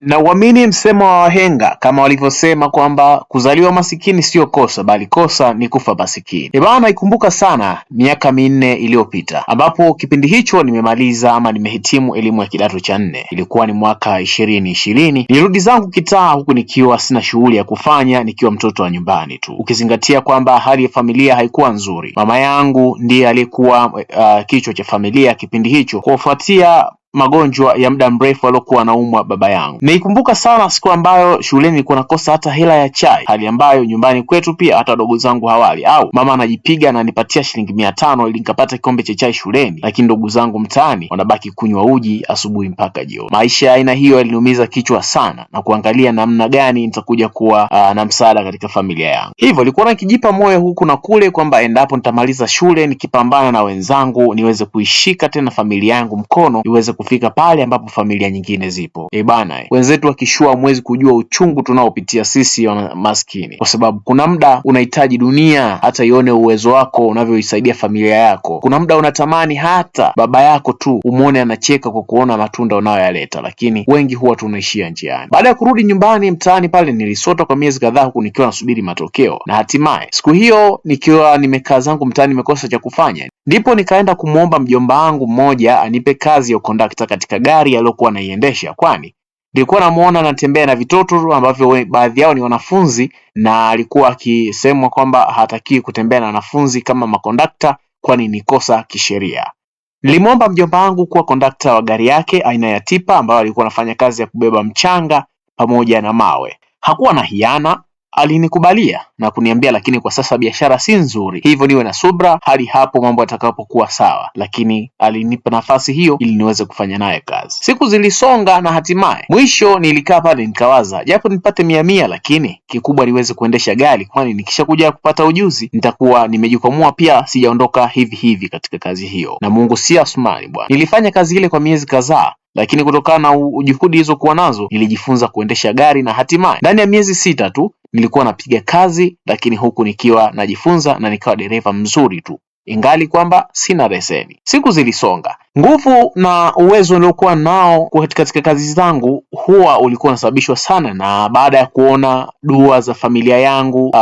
na uamini msemo wa wahenga kama walivyosema kwamba kuzaliwa masikini sio kosa, bali kosa ni kufa masikini. ebana bana, naikumbuka sana miaka minne iliyopita, ambapo kipindi hicho nimemaliza ama nimehitimu elimu ya kidato cha nne, ilikuwa ni mwaka ishirini ishirini. Nirudi zangu kitaa huku nikiwa sina shughuli ya kufanya, nikiwa mtoto wa nyumbani tu, ukizingatia kwamba hali ya familia haikuwa nzuri. Mama yangu ndiye aliyekuwa uh, kichwa cha familia kipindi hicho, kufuatia magonjwa ya muda mrefu aliyokuwa anaumwa baba yangu. Naikumbuka sana siku ambayo shuleni kuna nakosa hata hela ya chai, hali ambayo nyumbani kwetu pia hata wadogo zangu hawali, au mama anajipiga na nipatia shilingi mia tano ili nikapata kikombe cha chai shuleni, lakini ndugu zangu mtaani wanabaki kunywa uji asubuhi mpaka jioni. Maisha ya aina hiyo yaliniumiza kichwa sana na kuangalia namna gani nitakuja kuwa uh, na msaada katika familia yangu. Hivyo nilikuwa nikijipa moyo huku na kule kwamba endapo nitamaliza shule nikipambana na wenzangu niweze kuishika tena familia yangu mkono iweze kufika pale ambapo familia nyingine zipo. E bana, eh. wenzetu wakishua, mwezi kujua uchungu tunaopitia sisi maskini, kwa sababu kuna muda unahitaji dunia hata ione uwezo wako unavyoisaidia familia yako. Kuna muda unatamani hata baba yako tu umwone anacheka kwa kuona matunda unayoyaleta, lakini wengi huwa tunaishia njiani. Baada ya kurudi nyumbani, mtaani pale nilisota kwa miezi kadhaa, huku nikiwa nasubiri matokeo, na hatimaye siku hiyo nikiwa nimekaa zangu mtaani, nimekosa cha kufanya, ndipo nikaenda kumwomba mjomba wangu mmoja anipe kazi ya nilimkuta katika gari aliyokuwa anaiendesha, kwani nilikuwa namuona anatembea na vitoto ambavyo baadhi yao ni wanafunzi, na alikuwa akisemwa kwamba hatakiwi kutembea na wanafunzi kama makondakta, kwani ni kosa kisheria. Nilimwomba mjomba wangu kuwa kondakta wa gari yake aina ya tipa ambayo alikuwa anafanya kazi ya kubeba mchanga pamoja na mawe. Hakuwa na hiana Alinikubalia na kuniambia, lakini kwa sasa biashara si nzuri, hivyo niwe na subra hadi hapo mambo yatakapokuwa sawa, lakini alinipa nafasi hiyo ili niweze kufanya naye kazi. Siku zilisonga na hatimaye mwisho nilikaa pale nikawaza, japo nipate mia mia, lakini kikubwa niweze kuendesha gari, kwani nikishakuja kupata ujuzi nitakuwa nimejikwamua pia, sijaondoka hivi hivi katika kazi hiyo. Na Mungu si Asumani bwana. Nilifanya kazi ile kwa miezi kadhaa lakini kutokana na juhudi hizo kuwa nazo nilijifunza kuendesha gari na hatimaye ndani ya miezi sita tu nilikuwa napiga kazi, lakini huku nikiwa najifunza na nikawa dereva mzuri tu, ingali kwamba sina leseni. Siku zilisonga Nguvu na uwezo niliokuwa nao katika kazi zangu huwa ulikuwa unasababishwa sana na baada ya kuona dua za familia yangu uh,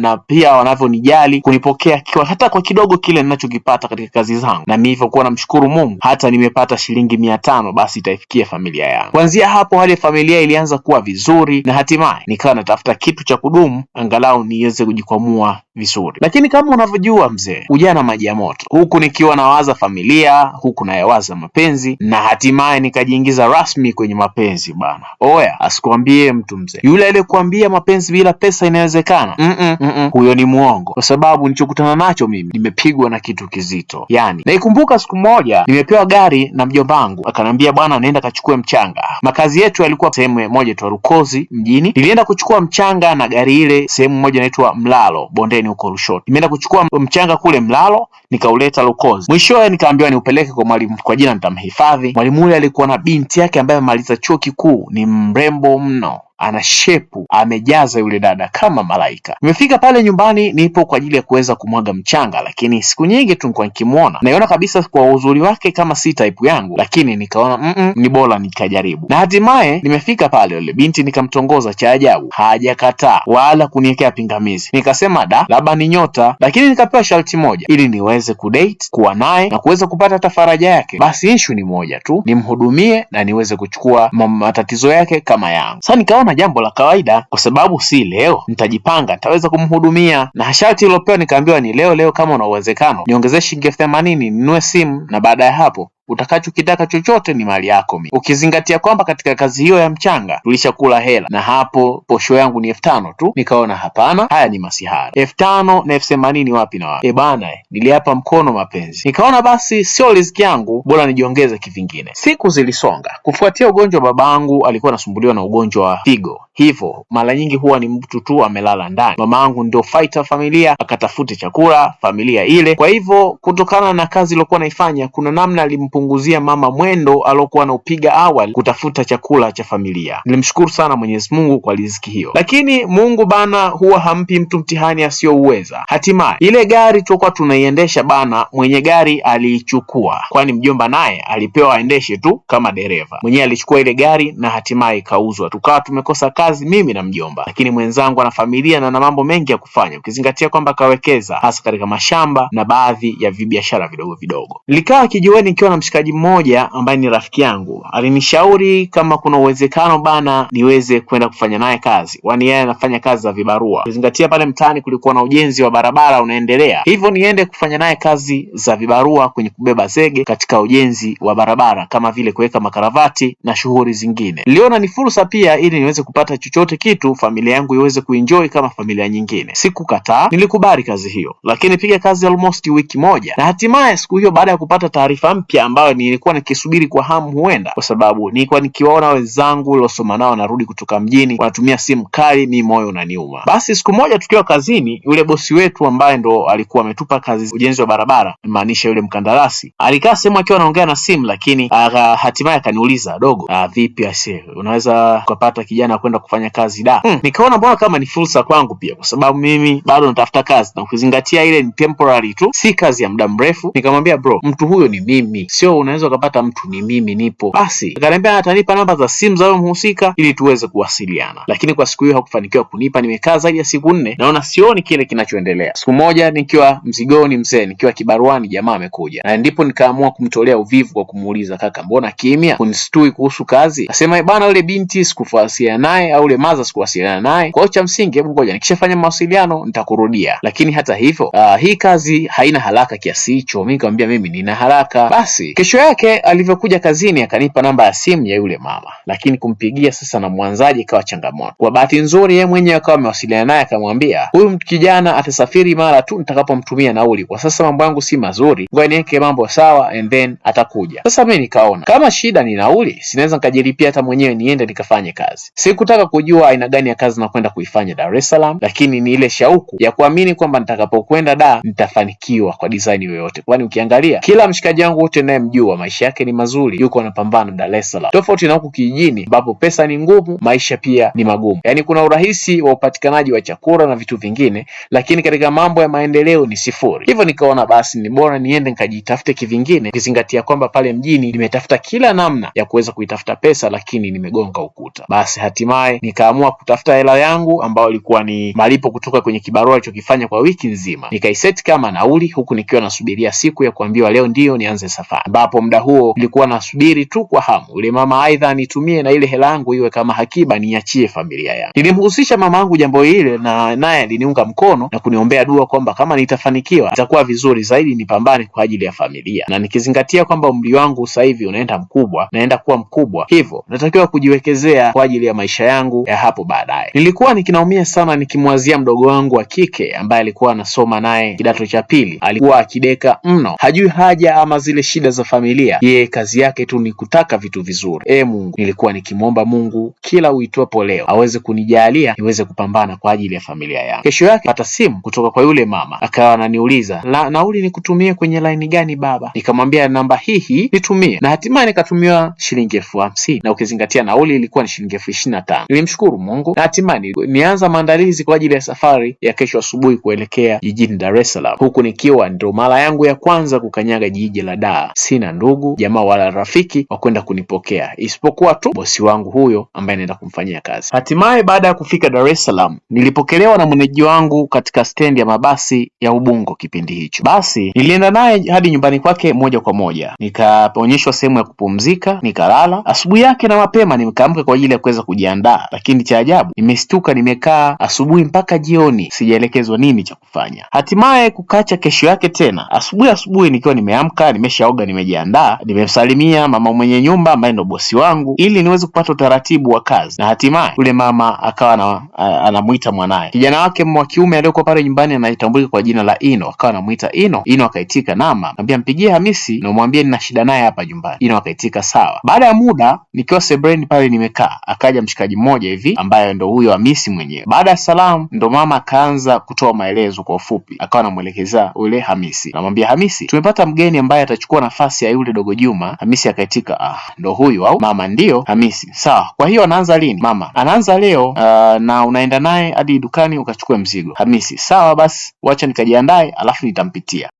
na pia wanavyonijali kunipokea kiwa hata kwa kidogo kile ninachokipata katika kazi zangu, na nilivyokuwa namshukuru Mungu, hata nimepata shilingi mia tano basi itaifikia familia yangu. Kuanzia hapo hali ya familia ilianza kuwa vizuri, na hatimaye nikawa natafuta kitu cha kudumu, angalau niweze kujikwamua vizuri. Lakini kama unavyojua mzee, ujana maji ya moto, huku nikiwa nawaza familia huku na nikayawaza mapenzi na hatimaye nikajiingiza rasmi kwenye mapenzi bana. Oya, asikwambie mtu mzee yule aliyekuambia mapenzi bila pesa inawezekana. mm -mm, mm -mm. Huyo ni mwongo, kwa sababu nilichokutana nacho mimi nimepigwa na kitu kizito. Yani naikumbuka siku moja nimepewa gari na mjomba wangu, akanambia bwana, naenda kachukue mchanga. Makazi yetu yalikuwa sehemu moja tu Rukozi mjini. Nilienda kuchukua mchanga na gari ile sehemu moja inaitwa Mlalo bondeni huko Lushoto. Nimeenda kuchukua mchanga kule Mlalo nikauleta Rukozi, mwishowe nikaambiwa niupeleke kwa mwalimu kwa jina nitamhifadhi. Mwalimu huyo alikuwa na binti yake ambaye amemaliza chuo kikuu, ni mrembo mno ana shepu amejaza yule dada kama malaika. Nimefika pale nyumbani, nipo kwa ajili ya kuweza kumwaga mchanga, lakini siku nyingi tu nilikuwa nikimwona, naiona kabisa kwa uzuri wake kama si type yangu, lakini nikaona mm -mm, ni bora nikajaribu, na hatimaye nimefika pale. Yule binti nikamtongoza, cha ajabu hajakataa wala kuniwekea pingamizi. Nikasema da, labda ni nyota, lakini nikapewa sharti moja, ili niweze kudate kuwa naye na kuweza kupata hata faraja yake. Basi issue ni moja tu, nimhudumie na niweze kuchukua matatizo yake kama yangu. Sasa nikaona kama jambo la kawaida, kwa sababu si leo, nitajipanga, nitaweza kumhudumia. Na shati lilopewa nikaambiwa ni leo leo, kama una uwezekano niongezee shilingi elfu themanini ninunue simu, na baada ya hapo utakachokitaka chochote ni mali yako mimi, ukizingatia kwamba katika kazi hiyo ya mchanga tulishakula hela, na hapo posho yangu ni elfu tano tu. Nikaona hapana, haya ni masihara, elfu tano na elfu themanini wapi na wapi? E bana, niliapa mkono mapenzi, nikaona basi sio riziki yangu, bora nijiongeze kivingine. Siku zilisonga. Kufuatia ugonjwa wa babangu, alikuwa anasumbuliwa na ugonjwa wa figo, hivyo mara nyingi huwa ni mtu tu amelala ndani. Mamaangu ndio fighter familia, akatafute chakula familia ile. Kwa hivyo kutokana na kazi iliyokuwa naifanya, kuna namna alimpu kumpunguzia mama mwendo aliokuwa anaupiga awali kutafuta chakula cha familia. Nilimshukuru sana Mwenyezi Mungu kwa riziki hiyo, lakini Mungu bana huwa hampi mtu mtihani asiyouweza. Hatimaye ile gari tulikuwa tunaiendesha bana, mwenye gari aliichukua, kwani mjomba naye alipewa aendeshe tu kama dereva. Mwenyewe alichukua ile gari na hatimaye ikauzwa, tukawa tumekosa kazi, mimi na mjomba, lakini mwenzangu ana familia na ana mambo mengi ya kufanya, ukizingatia kwamba akawekeza hasa katika mashamba na baadhi ya vibiashara vidogo vidogo. Nilikaa kijiweni nikiwa na mshikaji mmoja ambaye ni rafiki yangu alinishauri kama kuna uwezekano bana niweze kwenda kufanya naye kazi, kwani yeye anafanya kazi za vibarua. kuzingatia pale mtaani kulikuwa na ujenzi wa barabara unaendelea, hivyo niende kufanya naye kazi za vibarua kwenye kubeba zege katika ujenzi wa barabara kama vile kuweka makaravati na shughuli zingine. Niliona ni fursa pia ili niweze kupata chochote kitu, familia yangu iweze kuenjoy kama familia nyingine. Sikukataa, nilikubali kazi hiyo, lakini piga kazi almost wiki moja, na hatimaye siku hiyo baada ya kupata taarifa mpya ambayo nilikuwa nikisubiri kwa hamu huenda, kwa sababu nilikuwa nikiwaona wenzangu niliosoma nao narudi kutoka mjini wanatumia simu kali, mi moyo unaniuma. Basi siku moja tukiwa kazini, yule bosi wetu ambaye ndo alikuwa ametupa kazi ujenzi wa barabara, maanisha yule mkandarasi, alikaa sehemu akiwa anaongea na simu, lakini hatimaye akaniuliza, dogo, ah, vipi ase, unaweza ukapata kijana kwenda kufanya kazi da? Hmm, nikaona mbona kama ni fursa kwangu pia, kwa sababu mimi bado natafuta kazi na ukizingatia ile ni temporary tu, si kazi ya muda mrefu. Nikamwambia bro, mtu huyo ni mimi sio unaweza ukapata mtu, ni mimi nipo. Basi akaniambia atanipa namba za simu za mhusika ili tuweze kuwasiliana, lakini kwa siku hiyo hakufanikiwa kunipa. Nimekaa zaidi ya siku nne, naona sioni kile kinachoendelea. Siku moja nikiwa mzigoni, mzee, nikiwa kibaruani, jamaa amekuja, na ndipo nikaamua kumtolea uvivu kwa kumuuliza, kaka, mbona kimya, kunistui kuhusu kazi? Nasema eh, bana, yule binti sikuwasiliana naye, au yule maza sikuwasiliana naye. Kwa cha msingi, hebu ngoja nikishafanya mawasiliano nitakurudia. Lakini hata hivyo, uh, hii kazi haina haraka kiasi hicho. Mi nikamwambia mimi nina haraka basi Kesho yake alivyokuja kazini, akanipa namba ya simu ya yule mama, lakini kumpigia sasa na mwanzaji ikawa changamoto. Kwa bahati nzuri, yeye mwenyewe akawa amewasiliana naye, akamwambia huyu kijana atasafiri mara tu nitakapomtumia nauli. Kwa sasa mambo yangu si mazuri, ngoja niweke mambo sawa and then atakuja. Sasa mimi nikaona kama shida ni nauli, sinaweza nikajilipia hata mwenyewe niende nikafanye kazi. Sikutaka kujua aina gani ya kazi nakwenda kuifanya Dar es Salaam, lakini ni ile shauku ya kuamini kwamba nitakapokwenda da nitafanikiwa kwa design yoyote, kwani ukiangalia kila mshikaji wangu wote naye anayemjua maisha yake ni mazuri, yuko anapambana Dar es Salaam, tofauti na huku kijijini ambapo pesa ni ngumu, maisha pia ni magumu. Yaani kuna urahisi wa upatikanaji wa chakula na vitu vingine, lakini katika mambo ya maendeleo ni sifuri. Hivyo nikaona basi ni bora niende nikajitafute kivingine, ukizingatia kwamba pale mjini nimetafuta kila namna ya kuweza kuitafuta pesa, lakini nimegonga ukuta. Basi hatimaye nikaamua kutafuta hela yangu ambayo ilikuwa ni malipo kutoka kwenye kibarua alichokifanya kwa wiki nzima, nikaiseti kama nauli, huku nikiwa nasubiria siku ya kuambiwa leo ndiyo nianze safari ambapo muda huo nilikuwa nasubiri tu kwa hamu yule mama aidha anitumie na ile hela yangu iwe kama hakiba niachie familia yangu. Nilimhusisha mama yangu jambo hili, na naye aliniunga mkono na kuniombea dua kwamba kama nitafanikiwa itakuwa vizuri zaidi, nipambane kwa ajili ya familia, na nikizingatia kwamba umri wangu sasa hivi unaenda mkubwa, naenda kuwa mkubwa, hivyo natakiwa kujiwekezea kwa ajili ya maisha yangu ya hapo baadaye. Nilikuwa nikinaumia sana nikimwazia mdogo wangu wa kike ambaye alikuwa anasoma naye kidato cha pili, alikuwa akideka mno, hajui haja ama zile shida za za familia, yeye kazi yake tu ni kutaka vitu vizuri. E Mungu, nilikuwa nikimwomba Mungu kila uitwapo leo aweze kunijalia niweze kupambana kwa ajili ya familia yangu. Kesho yake pata simu kutoka kwa yule mama, akawa ananiuliza nauli nikutumie kwenye laini gani baba? Nikamwambia namba hii hii nitumie, na hatimaye nikatumiwa shilingi elfu hamsini na ukizingatia nauli ilikuwa ni shilingi elfu ishirini na tano. Nilimshukuru Mungu na hatimaye nianza maandalizi kwa ajili ya safari ya kesho asubuhi kuelekea jijini Dar es Salaam, huku nikiwa ndio mara yangu ya kwanza kukanyaga jiji la Dar sina ndugu jamaa wala rafiki wa kwenda kunipokea isipokuwa tu bosi wangu huyo ambaye naenda kumfanyia kazi. Hatimaye baada ya kufika Dar es Salaam, nilipokelewa na mwenyeji wangu katika stendi ya mabasi ya Ubungo kipindi hicho. Basi nilienda naye hadi nyumbani kwake moja kwa moja, nikaonyeshwa sehemu ya kupumzika, nikalala. Asubuhi yake na mapema nikaamka kwa ajili ya kuweza kujiandaa, lakini cha ajabu nimeshtuka, nimekaa asubuhi mpaka jioni, sijaelekezwa nini cha kufanya. Hatimaye kukacha kesho yake tena, asubuhi asubuhi nikiwa nimeamka, nimeshaoga, nime nimejiandaa, nimemsalimia mama mwenye nyumba ambaye ndo bosi wangu, ili niweze kupata utaratibu wa kazi, na hatimaye yule mama akawa anamwita mwanaye. Kijana wake wa kiume aliyokuwa pale nyumbani anaitambulika kwa jina la Ino, akawa anamwita Ino. Ino akaitika nama, ambia mpigie Hamisi na umwambie nina shida naye hapa nyumbani. Ino akaitika sawa. Baada ya muda, nikiwa sebreni pale nimekaa, akaja mshikaji mmoja hivi ambaye ndo huyo Hamisi mwenyewe. Baada ya salamu, ndo mama akaanza kutoa maelezo kwa ufupi, akawa anamwelekeza ule Hamisi, namwambia Hamisi, tumepata mgeni ambaye atachukua nafasi nafasi ya yule dogo Juma. Hamisi akaitika, ah, ndo huyu au mama? ndio Hamisi, sawa. Kwa hiyo anaanza lini mama? Anaanza leo. Uh, na unaenda naye hadi dukani ukachukue mzigo. Hamisi, sawa basi, wacha nikajiandae alafu nitampitia.